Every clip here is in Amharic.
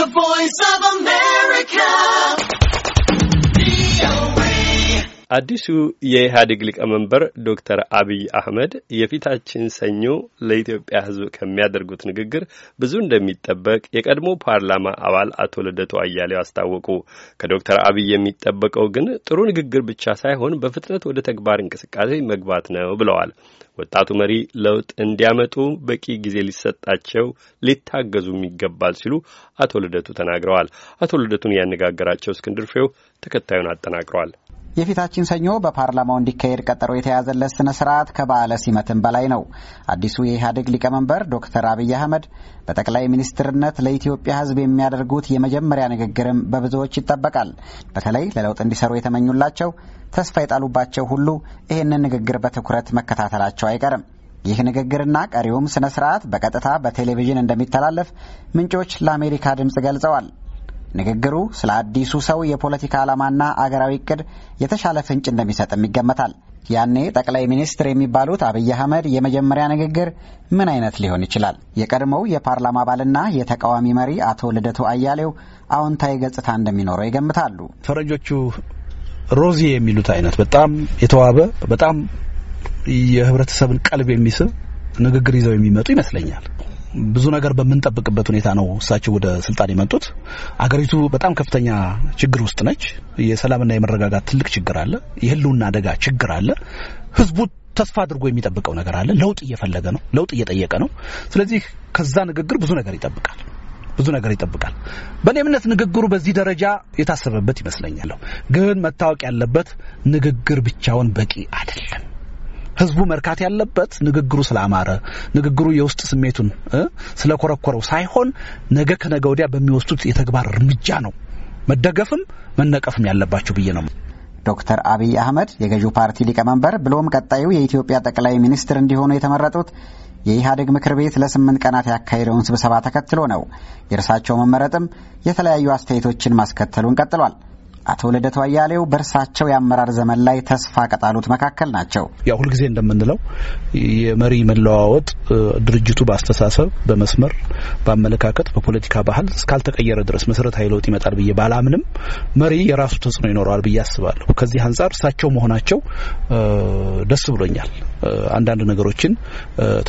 The Voice of man. አዲሱ የኢህአዴግ ሊቀመንበር ዶክተር አብይ አህመድ የፊታችን ሰኞ ለኢትዮጵያ ሕዝብ ከሚያደርጉት ንግግር ብዙ እንደሚጠበቅ የቀድሞ ፓርላማ አባል አቶ ልደቱ አያሌው አስታወቁ። ከዶክተር አብይ የሚጠበቀው ግን ጥሩ ንግግር ብቻ ሳይሆን በፍጥነት ወደ ተግባር እንቅስቃሴ መግባት ነው ብለዋል። ወጣቱ መሪ ለውጥ እንዲያመጡ በቂ ጊዜ ሊሰጣቸው ሊታገዙም ይገባል ሲሉ አቶ ልደቱ ተናግረዋል። አቶ ልደቱን ያነጋገራቸው እስክንድር ፍሬው ተከታዩን አጠናቅረዋል። የፊታችን ሰኞ በፓርላማው እንዲካሄድ ቀጠሮ የተያዘለት ስነ ስርዓት ከበዓለ ሲመትም በላይ ነው። አዲሱ የኢህአዴግ ሊቀመንበር ዶክተር አብይ አህመድ በጠቅላይ ሚኒስትርነት ለኢትዮጵያ ሕዝብ የሚያደርጉት የመጀመሪያ ንግግርም በብዙዎች ይጠበቃል። በተለይ ለለውጥ እንዲሰሩ የተመኙላቸው ተስፋ የጣሉባቸው ሁሉ ይህንን ንግግር በትኩረት መከታተላቸው አይቀርም። ይህ ንግግርና ቀሪውም ስነ ስርዓት በቀጥታ በቴሌቪዥን እንደሚተላለፍ ምንጮች ለአሜሪካ ድምፅ ገልጸዋል። ንግግሩ ስለ አዲሱ ሰው የፖለቲካ ዓላማና አገራዊ እቅድ የተሻለ ፍንጭ እንደሚሰጥም ይገመታል። ያኔ ጠቅላይ ሚኒስትር የሚባሉት አብይ አህመድ የመጀመሪያ ንግግር ምን አይነት ሊሆን ይችላል? የቀድሞው የፓርላማ አባልና የተቃዋሚ መሪ አቶ ልደቱ አያሌው አዎንታዊ ገጽታ እንደሚኖረው ይገምታሉ። ፈረንጆቹ ሮዚ የሚሉት አይነት በጣም የተዋበ በጣም የህብረተሰብን ቀልብ የሚስብ ንግግር ይዘው የሚመጡ ይመስለኛል። ብዙ ነገር በምንጠብቅበት ሁኔታ ነው እሳቸው ወደ ስልጣን የመጡት። አገሪቱ በጣም ከፍተኛ ችግር ውስጥ ነች። የሰላምና የመረጋጋት ትልቅ ችግር አለ። የህልውና አደጋ ችግር አለ። ህዝቡ ተስፋ አድርጎ የሚጠብቀው ነገር አለ። ለውጥ እየፈለገ ነው። ለውጥ እየጠየቀ ነው። ስለዚህ ከዛ ንግግር ብዙ ነገር ይጠብቃል ብዙ ነገር ይጠብቃል። በእኔ እምነት ንግግሩ በዚህ ደረጃ የታሰበበት ይመስለኛል። ግን መታወቅ ያለበት ንግግር ብቻውን በቂ አይደለም። ህዝቡ መርካት ያለበት ንግግሩ ስላማረ ንግግሩ የውስጥ ስሜቱን ስለኮረኮረው ሳይሆን ነገ ከነገ ወዲያ በሚወስዱት የተግባር እርምጃ ነው መደገፍም መነቀፍም ያለባቸው ብዬ ነው። ዶክተር አብይ አህመድ የገዢው ፓርቲ ሊቀመንበር ብሎም ቀጣዩ የኢትዮጵያ ጠቅላይ ሚኒስትር እንዲሆኑ የተመረጡት የኢህአዴግ ምክር ቤት ለስምንት ቀናት ያካሄደውን ስብሰባ ተከትሎ ነው። የእርሳቸው መመረጥም የተለያዩ አስተያየቶችን ማስከተሉን ቀጥሏል። አቶ ልደቱ አያሌው በእርሳቸው የአመራር ዘመን ላይ ተስፋ ከጣሉት መካከል ናቸው። ያው ሁልጊዜ እንደምንለው የመሪ መለዋወጥ ድርጅቱ በአስተሳሰብ፣ በመስመር፣ በአመለካከት፣ በፖለቲካ ባህል እስካልተቀየረ ድረስ መሰረታዊ ለውጥ ይመጣል ብዬ ባላምንም መሪ የራሱ ተጽዕኖ ይኖረዋል ብዬ አስባለሁ። ከዚህ አንጻር እሳቸው መሆናቸው ደስ ብሎኛል። አንዳንድ ነገሮችን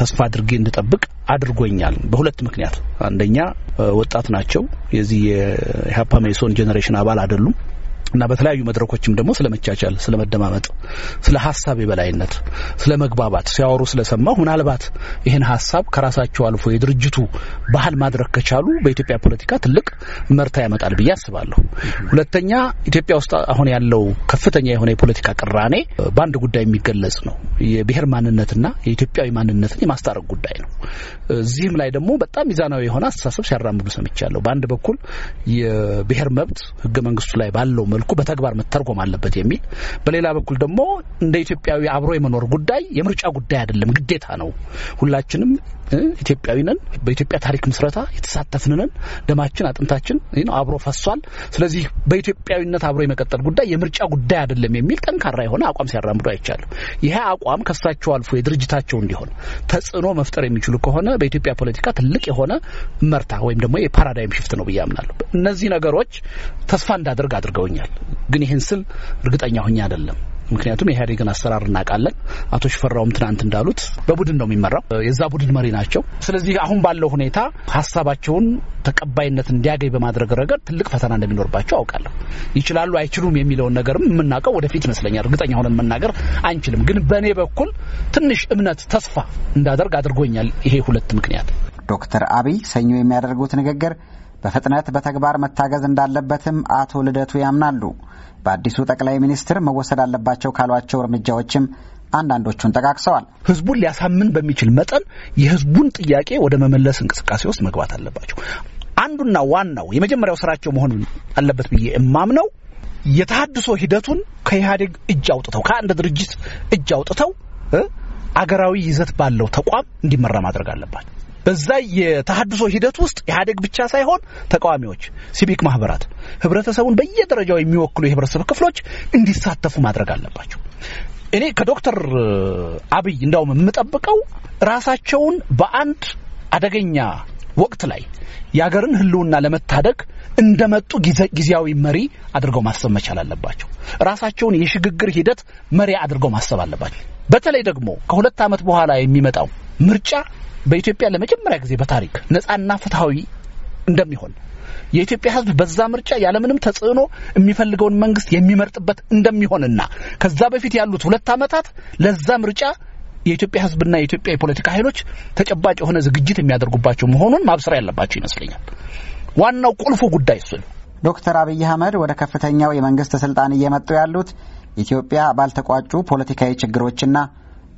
ተስፋ አድርጌ እንድጠብቅ አድርጎኛል። በሁለት ምክንያት አንደኛ ወጣት ናቸው። የዚህ የኢህአፓ መኢሶን ጄኔሬሽን አባል አይደሉም። እና በተለያዩ መድረኮችም ደግሞ ስለ መቻቻል፣ ስለ መደማመጥ፣ ስለ ሀሳብ የበላይነት፣ ስለ መግባባት ሲያወሩ ስለሰማሁ ምናልባት ይህን ሀሳብ ከራሳቸው አልፎ የድርጅቱ ባህል ማድረግ ከቻሉ በኢትዮጵያ ፖለቲካ ትልቅ መርታ ያመጣል ብዬ አስባለሁ። ሁለተኛ ኢትዮጵያ ውስጥ አሁን ያለው ከፍተኛ የሆነ የፖለቲካ ቅራኔ በአንድ ጉዳይ የሚገለጽ ነው። የብሔር ማንነትና የኢትዮጵያዊ ማንነትን የማስታረቅ ጉዳይ ነው። እዚህም ላይ ደግሞ በጣም ሚዛናዊ የሆነ አስተሳሰብ ሲያራምዱ ሰምቻለሁ። በአንድ በኩል የብሔር መብት ህገ መንግስቱ ላይ ባለው መልኩ በተግባር መተርጎም አለበት የሚል፣ በሌላ በኩል ደግሞ እንደ ኢትዮጵያዊ አብሮ የመኖር ጉዳይ የምርጫ ጉዳይ አይደለም፣ ግዴታ ነው። ሁላችንም ኢትዮጵያዊ ነን። በኢትዮጵያ ታሪክ ምስረታ የተሳተፍን ነን። ደማችን አጥንታችን ነው አብሮ ፈሷል። ስለዚህ በኢትዮጵያዊነት አብሮ የመቀጠል ጉዳይ የምርጫ ጉዳይ አይደለም የሚል ጠንካራ የሆነ አቋም ሲያራምዱ አይቻሉ። ይሄ አቋም ከሳቸው አልፎ የድርጅታቸው እንዲሆን ተጽዕኖ መፍጠር የሚችሉ ከሆነ በኢትዮጵያ ፖለቲካ ትልቅ የሆነ መርታ ወይም ደግሞ የፓራዳይም ሽፍት ነው ብዬ አምናለሁ። እነዚህ ነገሮች ተስፋ እንዳደርግ አድርገውኛል። ግን ይህን ስል እርግጠኛ ሆኜ አይደለም። ምክንያቱም የኢህአዴግን አሰራር እናውቃለን። አቶ ሽፈራውም ትናንት እንዳሉት በቡድን ነው የሚመራው፣ የዛ ቡድን መሪ ናቸው። ስለዚህ አሁን ባለው ሁኔታ ሀሳባቸውን ተቀባይነት እንዲያገኝ በማድረግ ረገድ ትልቅ ፈተና እንደሚኖርባቸው አውቃለሁ። ይችላሉ አይችሉም የሚለውን ነገርም የምናውቀው ወደፊት ይመስለኛል። እርግጠኛ ሆነን መናገር አንችልም፣ ግን በእኔ በኩል ትንሽ እምነት፣ ተስፋ እንዳደርግ አድርጎኛል ይሄ ሁለት ምክንያት። ዶክተር አብይ ሰኞ የሚያደርጉት ንግግር በፍጥነት በተግባር መታገዝ እንዳለበትም አቶ ልደቱ ያምናሉ። በአዲሱ ጠቅላይ ሚኒስትር መወሰድ አለባቸው ካሏቸው እርምጃዎችም አንዳንዶቹን ጠቃቅሰዋል። ህዝቡን ሊያሳምን በሚችል መጠን የህዝቡን ጥያቄ ወደ መመለስ እንቅስቃሴ ውስጥ መግባት አለባቸው። አንዱና ዋናው የመጀመሪያው ስራቸው መሆን አለበት ብዬ እማምነው የተሃድሶ ሂደቱን ከኢህአዴግ እጅ አውጥተው ከአንድ ድርጅት እጅ አውጥተው አገራዊ ይዘት ባለው ተቋም እንዲመራ ማድረግ አለባቸው። በዛ የተሃድሶ ሂደት ውስጥ ኢህአዴግ ብቻ ሳይሆን ተቃዋሚዎች፣ ሲቪክ ማህበራት፣ ህብረተሰቡን በየደረጃው የሚወክሉ የህብረተሰብ ክፍሎች እንዲሳተፉ ማድረግ አለባቸው። እኔ ከዶክተር አብይ እንዳውም የምጠብቀው ራሳቸውን በአንድ አደገኛ ወቅት ላይ የሀገርን ህልውና ለመታደግ እንደመጡ ጊዜያዊ መሪ አድርገው ማሰብ መቻል አለባቸው። ራሳቸውን የሽግግር ሂደት መሪ አድርገው ማሰብ አለባቸው። በተለይ ደግሞ ከሁለት ዓመት በኋላ የሚመጣው ምርጫ በኢትዮጵያ ለመጀመሪያ ጊዜ በታሪክ ነጻና ፍትሐዊ እንደሚሆን የኢትዮጵያ ሕዝብ በዛ ምርጫ ያለምንም ተጽዕኖ የሚፈልገውን መንግስት የሚመርጥበት እንደሚሆንና ከዛ በፊት ያሉት ሁለት ዓመታት ለዛ ምርጫ የኢትዮጵያ ሕዝብና የኢትዮጵያ የፖለቲካ ኃይሎች ተጨባጭ የሆነ ዝግጅት የሚያደርጉባቸው መሆኑን ማብሰር ያለባቸው ይመስለኛል። ዋናው ቁልፉ ጉዳይ እሱ ነው። ዶክተር አብይ አህመድ ወደ ከፍተኛው የመንግስት ስልጣን እየመጡ ያሉት ኢትዮጵያ ባልተቋጩ ፖለቲካዊ ችግሮችና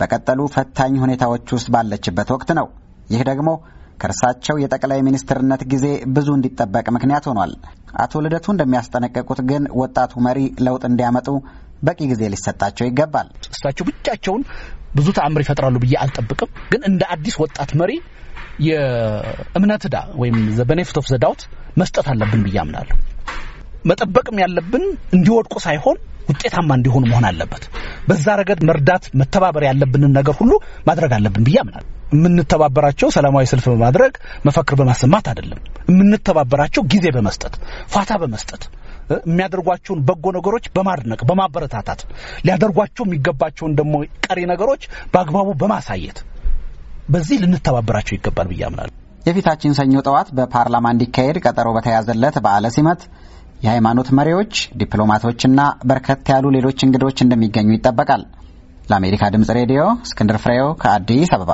በቀጠሉ ፈታኝ ሁኔታዎች ውስጥ ባለችበት ወቅት ነው። ይህ ደግሞ ከእርሳቸው የጠቅላይ ሚኒስትርነት ጊዜ ብዙ እንዲጠበቅ ምክንያት ሆኗል። አቶ ልደቱ እንደሚያስጠነቀቁት ግን ወጣቱ መሪ ለውጥ እንዲያመጡ በቂ ጊዜ ሊሰጣቸው ይገባል። እሳቸው ብቻቸውን ብዙ ተአምር ይፈጥራሉ ብዬ አልጠብቅም። ግን እንደ አዲስ ወጣት መሪ የእምነት ዕዳ ወይም ዘ ቤኔፊት ኦፍ ዘ ዳውት መስጠት አለብን ብዬ አምናለሁ። መጠበቅም ያለብን እንዲወድቁ ሳይሆን ውጤታማ እንዲሆኑ መሆን አለበት። በዛ ረገድ መርዳት መተባበር ያለብንን ነገር ሁሉ ማድረግ አለብን ብዬ አምናለሁ። የምንተባበራቸው ሰላማዊ ሰልፍ በማድረግ መፈክር በማሰማት አይደለም። የምንተባበራቸው ጊዜ በመስጠት ፋታ በመስጠት የሚያደርጓቸውን በጎ ነገሮች በማድነቅ በማበረታታት ሊያደርጓቸው የሚገባቸውን ደግሞ ቀሪ ነገሮች በአግባቡ በማሳየት በዚህ ልንተባበራቸው ይገባል ብዬ አምናለሁ። የፊታችን ሰኞ ጠዋት በፓርላማ እንዲካሄድ ቀጠሮ በተያዘለት በዓለ ሲመት የሃይማኖት መሪዎች፣ ዲፕሎማቶችና በርከት ያሉ ሌሎች እንግዶች እንደሚገኙ ይጠበቃል። ለአሜሪካ ድምፅ ሬዲዮ እስክንድር ፍሬው ከአዲስ አበባ